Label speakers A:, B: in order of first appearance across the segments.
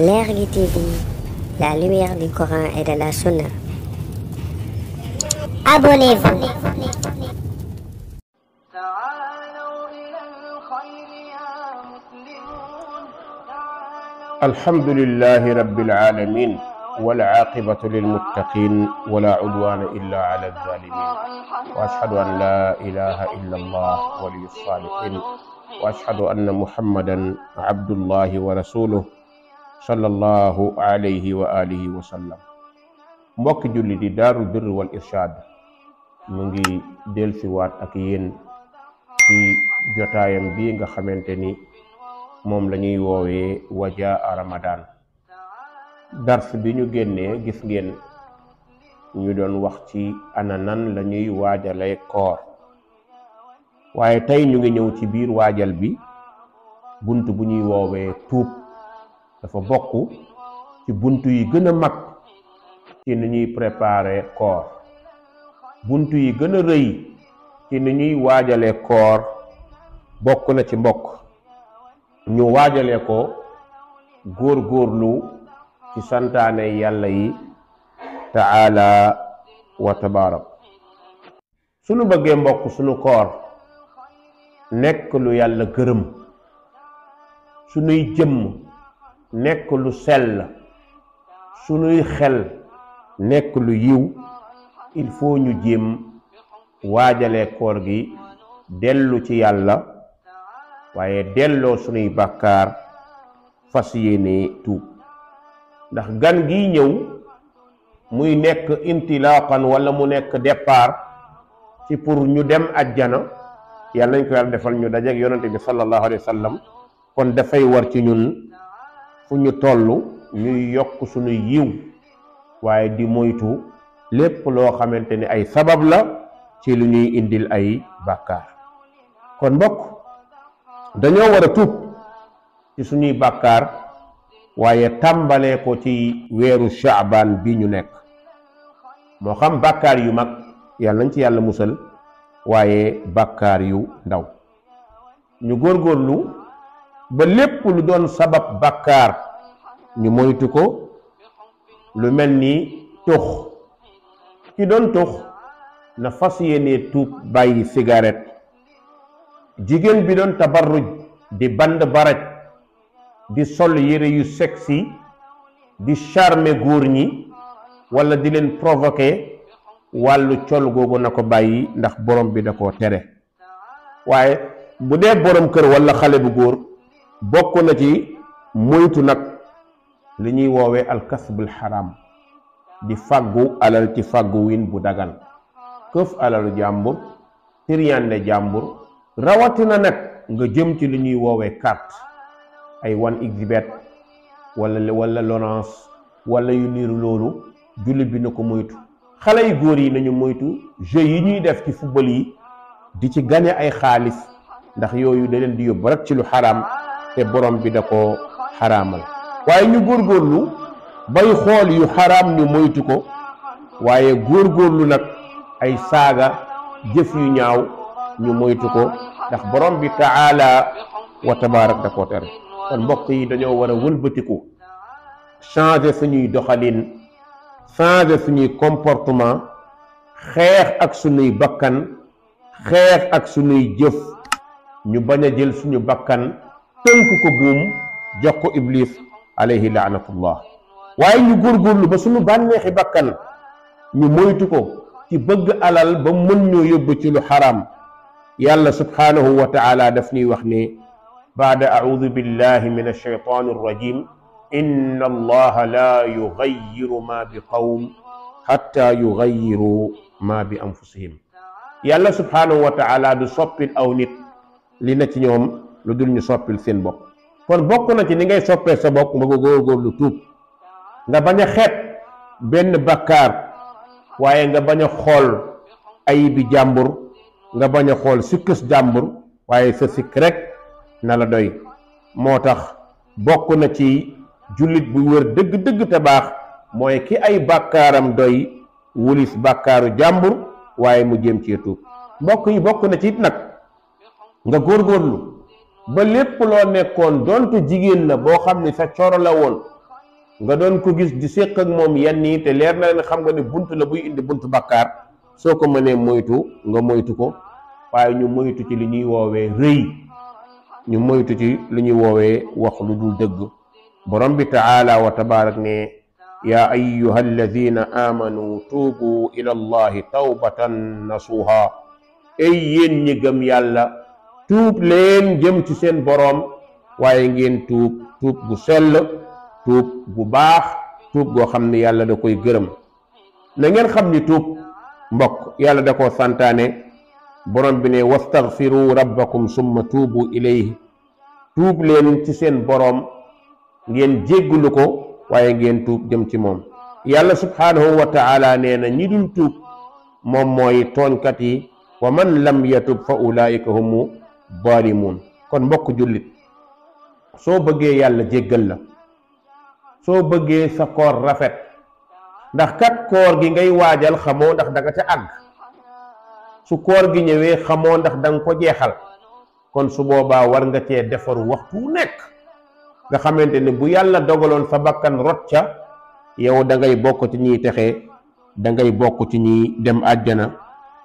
A: L'Airly TV, la lumière du Coran et de la Sunna. Abonnez-vous. الحمد لله رب العالمين والعاقبة للمتقين ولا عدوان إلا على الظالمين وأشهد أن لا إله إلا الله ولي الصالحين وأشهد أن محمدا عبد الله ورسوله sallallahu alayhi wa alihi wa sallam mbokk julli di daru dir wal irshad mu ngi delsi wat ak yeen ci jotayam bi nga xamanteni mom lañuy wowe waja ramadan dars bi ñu genné gis ngeen ñu doon wax ci ana nan lañuy wajalé koor waye tay ñu ngi ñew ci biir wajal bi buntu bu ñuy wowe tuup dafa bokk ci bunt yi gën a mag ci ni ñuy préparer koor bunt yi gën a rëy ci ni ñuy waajale koor bokk na ci mbokk ñu waajale ko góor-góorlu ci santaane yàlla yi taala wa tabarak sunu bëggee mbokk sunu koor nekk lu yàlla gërëm sunuy jëmm nekk lu sell sunuy xel nekk lu yiw il faut ñu jéem waajale koor gi dellu ci yàlla waaye delloo sunuy bàkkaar fas yéene tuub ndax gan gi ñëw muy nekk intilaqan wala mu nekk départ ci pour ñu dem ajjana yàlla nañ ko yàlla defal ñu dajeeg yonante bi sallallahu alayhi wa kon dafay war ci ñun fu ñu tollu ñuy yokk suñu yiw waaye di moytu lépp loo xamante ni ay sabab la ci lu ñuy indil ay bàkkaar kon mbokk dañoo war tuub ci suñuy bàkkaar waaye tàmbalee ko ci weeru shaabaan bi ñu nekk moo xam bàkkaar yu mag yàlla nañ ci yàlla musal waaye bàkkaar yu ndaw ñu góorgóorlu ba lépp lu doon sabab bàkkaar ñu moytu ko lu mel ni tux ki doon tux na fas yéene tuub bàyyi sigaret jigéen bi doon tabarruj di band baraj di sol yére yu sexy di charme góor ñi walla di leen provoquer wàllu col googu na ko bàyyi ndax borom bi da ko tere waaye bu dee borom kër walla xale bu góor bokk na ci moytu nag li ñuy woowee alkasbul xaram di fàggu alal ci fàggu win bu dagan këf alalu jàmbur tiryande jàmbur rawatina nag nga jëm ci li ñuy woowee carte ay wan exhibit walla wala Lonase wala yu niiru loolu jullit bi na ko moytu xale yu góor yi nañu moytu jeu yi ñuy def ci football yi di ci gane ay xaalis ndax yooyu da leen di yóbbu rek ci lu xaraam te borom bi da ko xaraamal waaye ñu góorgóorlu bay xool yu xaraam ñu moytu ko waaye góor góorgóorlu nag ay saaga jëf yu ñaaw ñu moytu ko ndax borom bi taala wa tabaarak da ko tere kon mbokk yi dañoo war a wëlbatiku suñuy doxalin changer suñuy comportement xeex ak suñuy bakkan xeex ak suñuy jëf ñu bañ a jël suñu bakkan tënk ko buum jox ko iblis alayhi laanatullah waaye ñu góorgóorlu ba suñu bànneexi bakkan ñu moytu ko ci bëgg alal ba mën ñoo yóbbu ci lu xaraam yàlla subhaanahu wa taala daf ñuy wax ne baada audu billahi min alcheytaani arrajim inna allaha laa yugayiru ma bi qawm xatta yugayiru ma bi anfusihim yàlla subhaanahu wa taala du soppil aw nit li na ci ñoom lu dul ñu soppil seen bopp kon bokk na ci ni ngay soppee sa ma bopp góor góorlu tuub nga bañ a xeet benn bakkaar waaye nga bañ a xool ayibi jàmbur nga bañ a xool sikkus jàmbur waaye sa sikk rekk na la doy moo tax bokk na ci jullit bu wër dëgg-dëgg te baax mooy ki ay bàkkaaram doy wulis bàkkaaru jàmbur waaye mu jéem ci tuub mbokk yi bokk na ci it nag nga góor góorlu ba lépp loo nekkoon donte jigen la bo xamni ne sa coro la won nga don ko gis di sekk ak mom yenn te leer na len xam nga ni buntu la buy indi buntu bakkar soko mene moytu nga moytu ko waaye ñu moytu ci li ñuy wowe reuy ñu moytu ci li ñuy wowe wax lu dul deug borom bi taala wa tabarak ne يا أيها الذين آمنوا توبوا إلى الله توبة nasuha أي yéen ñi gëm tuub leen jëm ci seen boroom waaye ngeen tuub tuub gu sell tuub bu baax tuub goo xam ne yàlla da koy gërëm na ngeen xam ni tuub mbokk yàlla da koo santaane boroom bi ne wastaghfiru rabbakum summa tuubu ilayhi tuub leen ci seen boroom ngeen jéggulu ko waaye ngeen tuub jëm ci moom yàlla subhaanahu wa nee na ñi dul tuub moom mooy tooñkat yi wa man lam yatub fa ulaika humu moom kon mbokk jullit soo bëggee yàlla jéggal la soo bëggee sa koor rafet ndax kat koor gi ngay waajal xamoo ndax danga ca àgg su koor gi ñëwee xamoo ndax danga ko jeexal kon su boobaa war nga cee defaru waxtu nekk nga xamante ne bu yàlla dogaloon sa bakkan rot ca yow dangay bokk ci ñuy texe da ngay bokk ci ñuy dem àjjana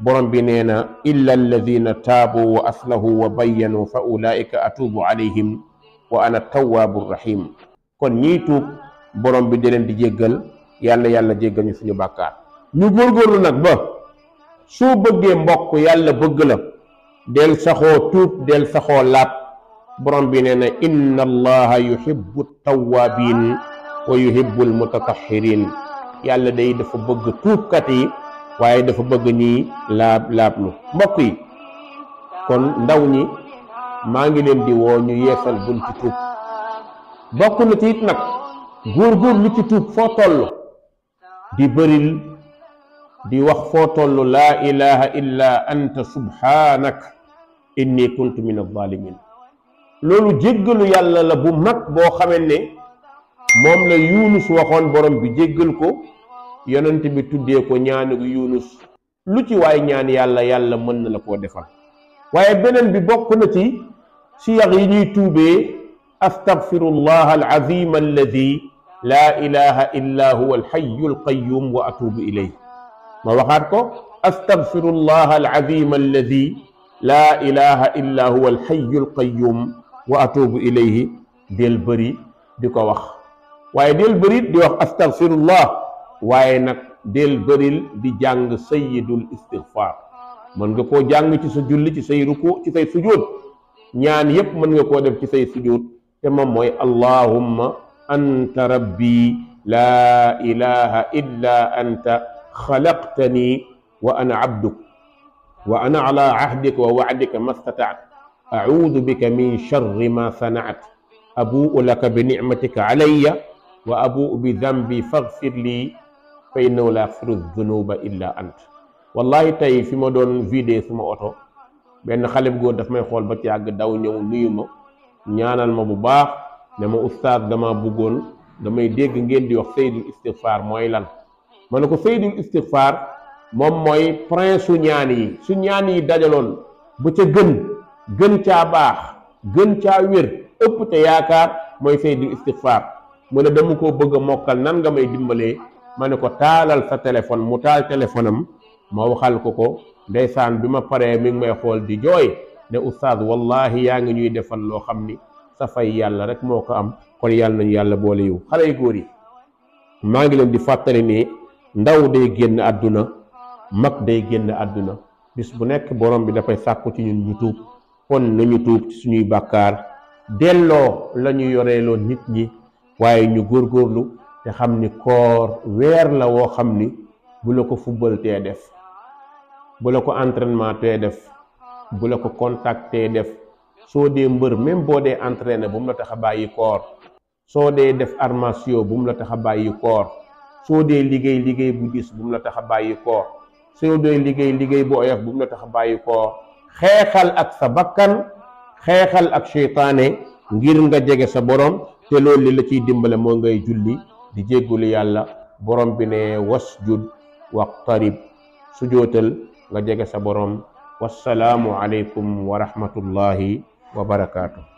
A: borom bi nee na illa alladina taabu wa aslahu wa bayyanu fa ulaika atubu alayhim wa ana tawaabu rahim kon ñiy tuub borom bi di leen di jéggal yàlla yàlla jéggal ñu suñu bàkkaar ñu góorgóorlu nag ba soo bëggee mbokk yàlla bëgg la del saxoo tuub del saxoo laab borom bi nee na inna allaha yuhibbu tawaabin wa yuhibbu almutatahirin yàlla day dafa bëgg tuubkat yi waye dafa bëgg ñi laab laab lu mbokk yi kon ndaw ñi maa ngi leen di woo ñu yeesal bunti tuub bokk na ci it nag lu ci tuub foo toll di bëril di wax foo toll laa ilaha illa anta subhanak inni kuntu min alzalimin loolu jéggalu yàlla la bu mag boo xamee ne moom la yunus waxoon borom bi jéggal ko yonent bi tuddé ko ñaanu yunus lu ci way ñaan yàlla yàlla mën na ko defal waye benen bi bokk na ci siyax yi ñuy tuubé astaghfirullah alazim alladhi la ilaha illa huwa alhayy alqayyum wa atubu ilay ma waxat ko astaghfirullah alazim alladhi لا ilaha illa هو الحي القيوم wa إليه ديل بري ديكو واخ واي ديل بري دي واخ استغفر الله waye nak del bëril di jàng sayyidul istighfar man nga ko jàng ci sa julli ci say ruku ci say sujud ñaan yep man nga ko def ci say sujud te mom moy allahumma anta rabbi la ilaha illa anta khalaqtani wa ana abduk wa ana ala ahdika wa wa'dika ma a'udhu bika min sharri ma sanaat abuu laka bi ni'matika alayya wa abuu bi dambi faghfir lii fa innahu la yaxfiru dunuba illa ant wallahi tey fi ma doon vidé suma oto benn xale bu góor daf may xool ba ci àgg daw ñëw nuyu ma ñaanal ma bu baax ne ma oustaz dama bëggoon damay dégg ngeen di wax saydul istigfaar mooy lan ma ne ko saydul istigfaar moom mooy prince su ñaan yi su ñaan yi dajaloon bu ca gën gën caa baax gën caa wér ëpp te yaakaar mooy saydul istigfaar mu ne dama koo bëgg a mokkal nan nga may dimbalee ma ne ko taalal sa téléphone mu taal téléphone am ma waxal ko ko ndeysaan bi ma paree mi ngi may xool di jooy ne oustaz wallahi yaa ngi ñuy defal loo xam ni sa fay yàlla rek moo ko am kon yàlla nañu yàlla boole yiw xale yu góor yi maa ngi leen di fàttali nii ndaw day génn àdduna mag day génn àdduna bis bu nekk borom bi dafay sàkku ci ñun ñu tuub kon nañu tuub ci suñuy bàkkaar delloo la ñu yoreeloo nit ñi waaye ñu góorgóorlu te xam ni koor weer la woo xam ni bu la ko football tee def bu la ko entraînement tee def bu la ko contact tee def soo dee mbër même boo dee entraîné bu mu la tax a bàyyi koor soo dee def armation bu mu la tax a bàyyi soo dee liggéey liggéey bu gis bu mu la tax a bàyyi koor soo dee liggéey liggéey bu oyof bu mu la tax a bàyyi koor xeexal ak sa bakkan xeexal ak seytaane ngir nga jege sa borom te loolu li la ciy dimbale moo ngay julli di jéggul yàlla borom bi ne wasjud waqtarib sujootal nga jege sa borom wassalaamu alaykum wa rahmatullahi wa barakaatuh